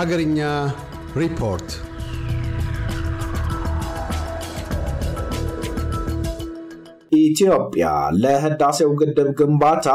Hagarinya Report ኢትዮጵያ ለህዳሴው ግድብ ግንባታ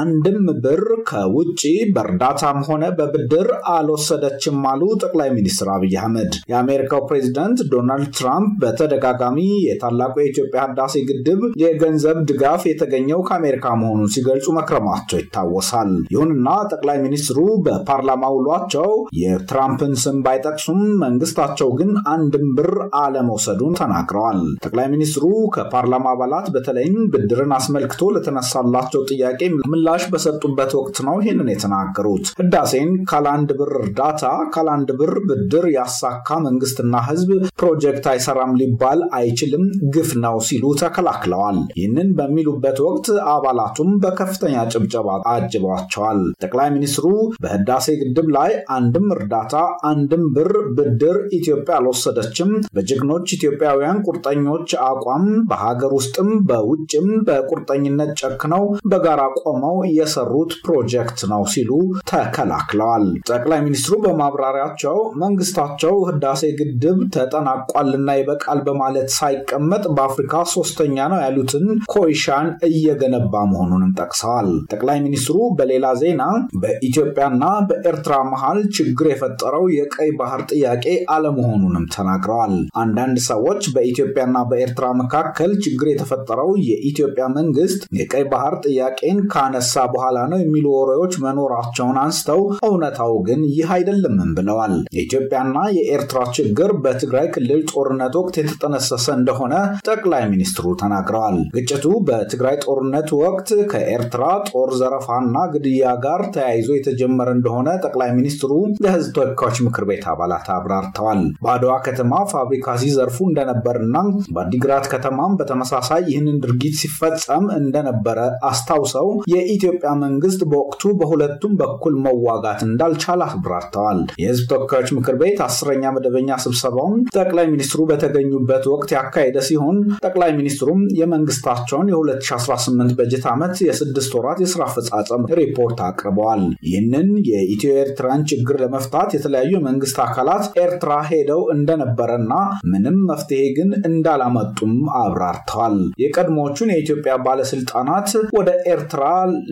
አንድም ብር ከውጭ በእርዳታም ሆነ በብድር አልወሰደችም አሉ ጠቅላይ ሚኒስትር አብይ አህመድ። የአሜሪካው ፕሬዚደንት ዶናልድ ትራምፕ በተደጋጋሚ የታላቁ የኢትዮጵያ ህዳሴ ግድብ የገንዘብ ድጋፍ የተገኘው ከአሜሪካ መሆኑን ሲገልጹ መክረማቸው ይታወሳል። ይሁንና ጠቅላይ ሚኒስትሩ በፓርላማ ውሏቸው የትራምፕን ስም ባይጠቅሱም መንግስታቸው ግን አንድም ብር አለመውሰዱን ተናግረዋል። ጠቅላይ ሚኒስትሩ ከፓርላማ አባላት በተለይም ብድርን አስመልክቶ ለተነሳላቸው ጥያቄ ምላሽ በሰጡበት ወቅት ነው ይህንን የተናገሩት። ህዳሴን ካላንድ ብር እርዳታ፣ ካላንድ ብር ብድር ያሳካ መንግስትና ህዝብ ፕሮጀክት አይሰራም ሊባል አይችልም፣ ግፍ ነው ሲሉ ተከላክለዋል። ይህንን በሚሉበት ወቅት አባላቱም በከፍተኛ ጭብጨባ አጅቧቸዋል። ጠቅላይ ሚኒስትሩ በህዳሴ ግድብ ላይ አንድም እርዳታ አንድም ብር ብድር ኢትዮጵያ አልወሰደችም፣ በጀግኖች ኢትዮጵያውያን ቁርጠኞች አቋም በሀገር ውስጥም በ በውጭም በቁርጠኝነት ጨክነው በጋራ ቆመው የሰሩት ፕሮጀክት ነው ሲሉ ተከላክለዋል። ጠቅላይ ሚኒስትሩ በማብራሪያቸው መንግስታቸው ህዳሴ ግድብ ተጠናቋልና ይበቃል በማለት ሳይቀመጥ በአፍሪካ ሶስተኛ ነው ያሉትን ኮይሻን እየገነባ መሆኑንም ጠቅሰዋል። ጠቅላይ ሚኒስትሩ በሌላ ዜና በኢትዮጵያና በኤርትራ መሃል ችግር የፈጠረው የቀይ ባህር ጥያቄ አለመሆኑንም ተናግረዋል። አንዳንድ ሰዎች በኢትዮጵያና በኤርትራ መካከል ችግር የተፈጠረው የኢትዮጵያ መንግስት የቀይ ባህር ጥያቄን ካነሳ በኋላ ነው የሚሉ ወሬዎች መኖራቸውን አንስተው እውነታው ግን ይህ አይደለምም ብለዋል። የኢትዮጵያና የኤርትራ ችግር በትግራይ ክልል ጦርነት ወቅት የተጠነሰሰ እንደሆነ ጠቅላይ ሚኒስትሩ ተናግረዋል። ግጭቱ በትግራይ ጦርነት ወቅት ከኤርትራ ጦር ዘረፋና ግድያ ጋር ተያይዞ የተጀመረ እንደሆነ ጠቅላይ ሚኒስትሩ ለህዝብ ተወካዮች ምክር ቤት አባላት አብራርተዋል። በአድዋ ከተማ ፋብሪካ ሲዘርፉ እንደነበርና በአዲግራት ከተማም በተመሳሳይ ይህንን ይህንን ድርጊት ሲፈጸም እንደነበረ አስታውሰው የኢትዮጵያ መንግስት በወቅቱ በሁለቱም በኩል መዋጋት እንዳልቻለ አብራርተዋል። የህዝብ ተወካዮች ምክር ቤት አስረኛ መደበኛ ስብሰባውን ጠቅላይ ሚኒስትሩ በተገኙበት ወቅት ያካሄደ ሲሆን ጠቅላይ ሚኒስትሩም የመንግስታቸውን የ2018 በጀት ዓመት የስድስት ወራት የስራ አፈጻጸም ሪፖርት አቅርበዋል። ይህንን የኢትዮ ኤርትራን ችግር ለመፍታት የተለያዩ የመንግስት አካላት ኤርትራ ሄደው እንደነበረና ምንም መፍትሄ ግን እንዳላመጡም አብራርተዋል። ዳግማዎቹን የኢትዮጵያ ባለስልጣናት ወደ ኤርትራ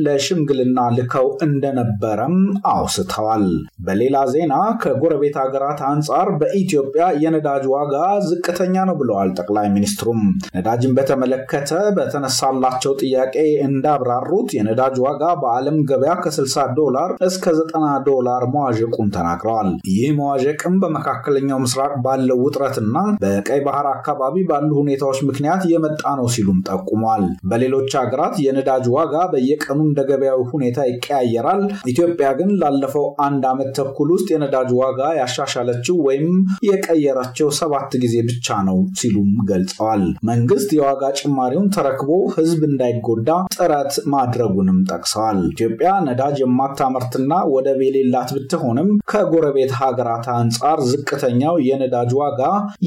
ለሽምግልና ልከው እንደነበረም አውስተዋል። በሌላ ዜና ከጎረቤት ሀገራት አንጻር በኢትዮጵያ የነዳጅ ዋጋ ዝቅተኛ ነው ብለዋል ጠቅላይ ሚኒስትሩም። ነዳጅን በተመለከተ በተነሳላቸው ጥያቄ እንዳብራሩት የነዳጅ ዋጋ በዓለም ገበያ ከ60 ዶላር እስከ 90 ዶላር መዋዠቁን ተናግረዋል። ይህ መዋዠቅም በመካከለኛው ምስራቅ ባለው ውጥረትና በቀይ ባህር አካባቢ ባሉ ሁኔታዎች ምክንያት የመጣ ነው ሲሉም ጠቁሟል። በሌሎች ሀገራት የነዳጅ ዋጋ በየቀኑ እንደ ገበያው ሁኔታ ይቀያየራል። ኢትዮጵያ ግን ላለፈው አንድ ዓመት ተኩል ውስጥ የነዳጅ ዋጋ ያሻሻለችው ወይም የቀየረችው ሰባት ጊዜ ብቻ ነው ሲሉም ገልጸዋል። መንግስት የዋጋ ጭማሪውን ተረክቦ ህዝብ እንዳይጎዳ ጥረት ማድረጉንም ጠቅሰዋል። ኢትዮጵያ ነዳጅ የማታመርትና ወደብ የሌላት ብትሆንም ከጎረቤት ሀገራት አንጻር ዝቅተኛው የነዳጅ ዋጋ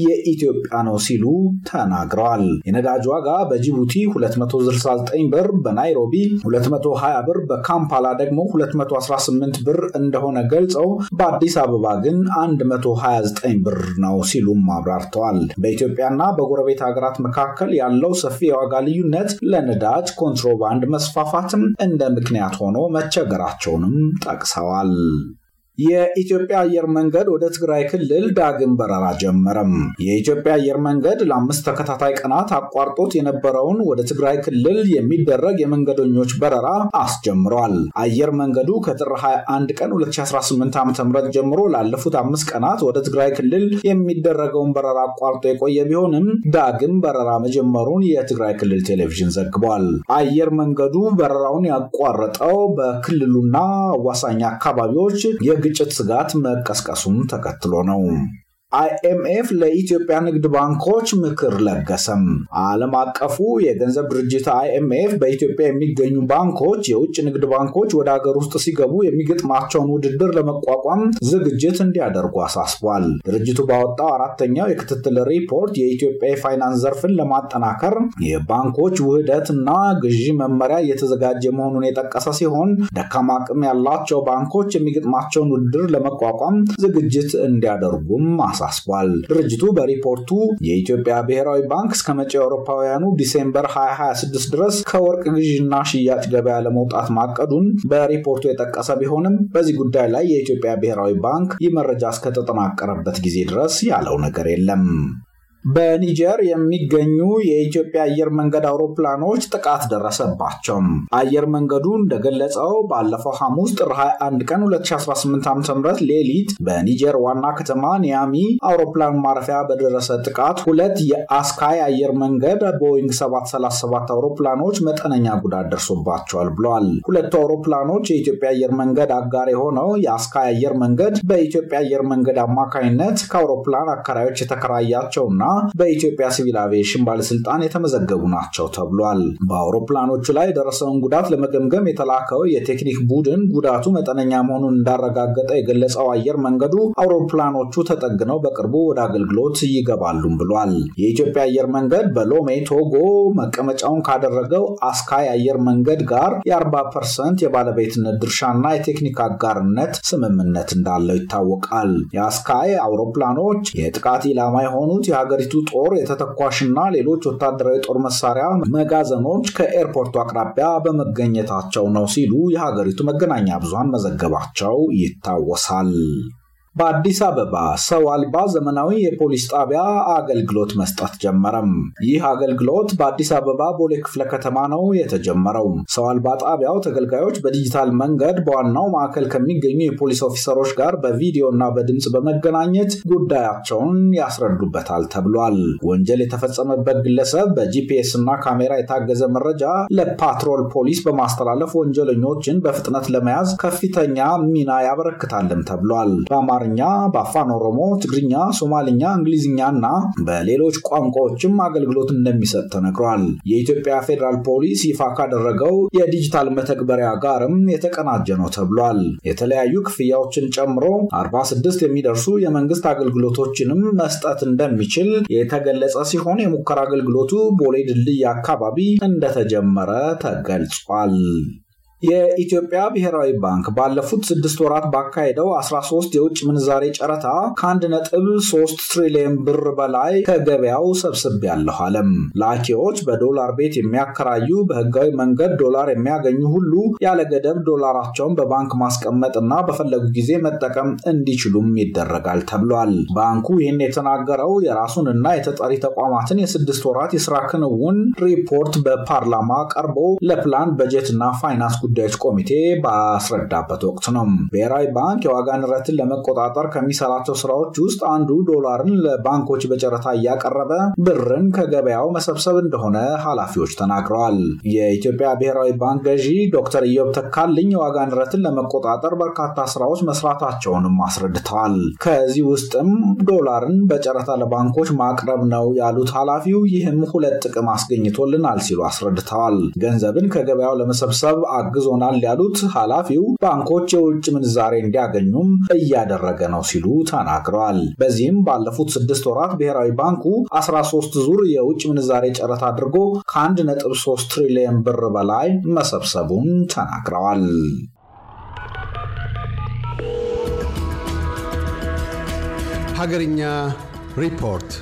የኢትዮጵያ ነው ሲሉ ተናግረዋል። የነዳጅ ዋጋ በጂ በጅቡቲ 269 ብር፣ በናይሮቢ 220 ብር፣ በካምፓላ ደግሞ 218 ብር እንደሆነ ገልጸው በአዲስ አበባ ግን 129 ብር ነው ሲሉም አብራርተዋል። በኢትዮጵያና በጎረቤት ሀገራት መካከል ያለው ሰፊ የዋጋ ልዩነት ለነዳጅ ኮንትሮባንድ መስፋፋትም እንደ ምክንያት ሆኖ መቸገራቸውንም ጠቅሰዋል። የኢትዮጵያ አየር መንገድ ወደ ትግራይ ክልል ዳግም በረራ ጀመረም። የኢትዮጵያ አየር መንገድ ለአምስት ተከታታይ ቀናት አቋርጦት የነበረውን ወደ ትግራይ ክልል የሚደረግ የመንገደኞች በረራ አስጀምሯል። አየር መንገዱ ከጥር 21 ቀን 2018 ዓ.ም ጀምሮ ላለፉት አምስት ቀናት ወደ ትግራይ ክልል የሚደረገውን በረራ አቋርጦ የቆየ ቢሆንም ዳግም በረራ መጀመሩን የትግራይ ክልል ቴሌቪዥን ዘግቧል። አየር መንገዱ በረራውን ያቋረጠው በክልሉና አዋሳኝ አካባቢዎች የግጭት ስጋት መቀስቀሱም ተከትሎ ነው። አይኤምኤፍ ለኢትዮጵያ ንግድ ባንኮች ምክር ለገሰም። ዓለም አቀፉ የገንዘብ ድርጅት አይኤምኤፍ በኢትዮጵያ የሚገኙ ባንኮች የውጭ ንግድ ባንኮች ወደ ሀገር ውስጥ ሲገቡ የሚገጥማቸውን ውድድር ለመቋቋም ዝግጅት እንዲያደርጉ አሳስቧል። ድርጅቱ ባወጣው አራተኛው የክትትል ሪፖርት የኢትዮጵያ የፋይናንስ ዘርፍን ለማጠናከር የባንኮች ውህደትና ግዢ መመሪያ እየተዘጋጀ መሆኑን የጠቀሰ ሲሆን ደካማ አቅም ያላቸው ባንኮች የሚገጥማቸውን ውድድር ለመቋቋም ዝግጅት እንዲያደርጉም አሳስቧል። ድርጅቱ በሪፖርቱ የኢትዮጵያ ብሔራዊ ባንክ እስከ መጪው አውሮፓውያኑ ዲሴምበር 2026 ድረስ ከወርቅ ግዥና ሽያጭ ገበያ ለመውጣት ማቀዱን በሪፖርቱ የጠቀሰ ቢሆንም በዚህ ጉዳይ ላይ የኢትዮጵያ ብሔራዊ ባንክ ይህ መረጃ እስከተጠናቀረበት ጊዜ ድረስ ያለው ነገር የለም። በኒጀር የሚገኙ የኢትዮጵያ አየር መንገድ አውሮፕላኖች ጥቃት ደረሰባቸው። አየር መንገዱ እንደገለጸው ባለፈው ሐሙስ ጥር 21 ቀን 2018 ዓ.ም ሌሊት በኒጀር ዋና ከተማ ኒያሚ አውሮፕላን ማረፊያ በደረሰ ጥቃት ሁለት የአስካይ አየር መንገድ ቦይንግ 737 አውሮፕላኖች መጠነኛ ጉዳት ደርሶባቸዋል ብለዋል። ሁለቱ አውሮፕላኖች የኢትዮጵያ አየር መንገድ አጋር የሆነው የአስካይ አየር መንገድ በኢትዮጵያ አየር መንገድ አማካኝነት ከአውሮፕላን አከራዮች የተከራያቸውና በኢትዮጵያ ሲቪል አቪዬሽን ባለስልጣን የተመዘገቡ ናቸው ተብሏል። በአውሮፕላኖቹ ላይ የደረሰውን ጉዳት ለመገምገም የተላከው የቴክኒክ ቡድን ጉዳቱ መጠነኛ መሆኑን እንዳረጋገጠ የገለጸው አየር መንገዱ አውሮፕላኖቹ ተጠግነው በቅርቡ ወደ አገልግሎት ይገባሉም ብሏል። የኢትዮጵያ አየር መንገድ በሎሜ ቶጎ መቀመጫውን ካደረገው አስካይ አየር መንገድ ጋር የ40 ፐርሰንት የባለቤትነት ድርሻና የቴክኒክ አጋርነት ስምምነት እንዳለው ይታወቃል። የአስካይ አውሮፕላኖች የጥቃት ኢላማ የሆኑት የሀገር የሀገሪቱ ጦር የተተኳሽና ሌሎች ወታደራዊ ጦር መሳሪያ መጋዘኖች ከኤርፖርቱ አቅራቢያ በመገኘታቸው ነው ሲሉ የሀገሪቱ መገናኛ ብዙሃን መዘገባቸው ይታወሳል። በአዲስ አበባ ሰው አልባ ዘመናዊ የፖሊስ ጣቢያ አገልግሎት መስጠት ጀመረም። ይህ አገልግሎት በአዲስ አበባ ቦሌ ክፍለ ከተማ ነው የተጀመረው። ሰው አልባ ጣቢያው ተገልጋዮች በዲጂታል መንገድ በዋናው ማዕከል ከሚገኙ የፖሊስ ኦፊሰሮች ጋር በቪዲዮ እና በድምፅ በመገናኘት ጉዳያቸውን ያስረዱበታል ተብሏል። ወንጀል የተፈጸመበት ግለሰብ በጂፒኤስ እና ካሜራ የታገዘ መረጃ ለፓትሮል ፖሊስ በማስተላለፍ ወንጀለኞችን በፍጥነት ለመያዝ ከፍተኛ ሚና ያበረክታልም ተብሏል። አማርኛ፣ በአፋን ኦሮሞ፣ ትግርኛ፣ ሶማልኛ፣ እንግሊዝኛ እና በሌሎች ቋንቋዎችም አገልግሎት እንደሚሰጥ ተነግሯል። የኢትዮጵያ ፌዴራል ፖሊስ ይፋ ካደረገው የዲጂታል መተግበሪያ ጋርም የተቀናጀ ነው ተብሏል። የተለያዩ ክፍያዎችን ጨምሮ 46 የሚደርሱ የመንግስት አገልግሎቶችንም መስጠት እንደሚችል የተገለጸ ሲሆን የሙከራ አገልግሎቱ ቦሌ ድልድይ አካባቢ እንደተጀመረ ተገልጿል። የኢትዮጵያ ብሔራዊ ባንክ ባለፉት ስድስት ወራት ባካሄደው 13 የውጭ ምንዛሬ ጨረታ ከአንድ ነጥብ 3 ትሪሊየን ብር በላይ ከገበያው ሰብስብ ያለሁ አለም። ላኪዎች በዶላር ቤት የሚያከራዩ በህጋዊ መንገድ ዶላር የሚያገኙ ሁሉ ያለ ገደብ ዶላራቸውን በባንክ ማስቀመጥና በፈለጉ ጊዜ መጠቀም እንዲችሉም ይደረጋል ተብሏል። ባንኩ ይህን የተናገረው የራሱን እና የተጠሪ ተቋማትን የስድስት ወራት የስራ ክንውን ሪፖርት በፓርላማ ቀርቦ ለፕላን በጀት እና ፋይናንስ ጉዳዮች ኮሚቴ ባስረዳበት ወቅት ነው። ብሔራዊ ባንክ የዋጋ ንረትን ለመቆጣጠር ከሚሰራቸው ስራዎች ውስጥ አንዱ ዶላርን ለባንኮች በጨረታ እያቀረበ ብርን ከገበያው መሰብሰብ እንደሆነ ኃላፊዎች ተናግረዋል። የኢትዮጵያ ብሔራዊ ባንክ ገዢ ዶክተር ኢዮብ ተካልኝ የዋጋ ንረትን ለመቆጣጠር በርካታ ስራዎች መስራታቸውንም አስረድተዋል። ከዚህ ውስጥም ዶላርን በጨረታ ለባንኮች ማቅረብ ነው ያሉት ኃላፊው ይህም ሁለት ጥቅም አስገኝቶልናል ሲሉ አስረድተዋል። ገንዘብን ከገበያው ለመሰብሰብ አግ አግዞናል ያሉት ኃላፊው ባንኮች የውጭ ምንዛሬ እንዲያገኙም እያደረገ ነው ሲሉ ተናግረዋል። በዚህም ባለፉት ስድስት ወራት ብሔራዊ ባንኩ 13 ዙር የውጭ ምንዛሬ ጨረታ አድርጎ ከ1.3 ትሪሊየን ብር በላይ መሰብሰቡን ተናግረዋል። ሀገርኛ ሪፖርት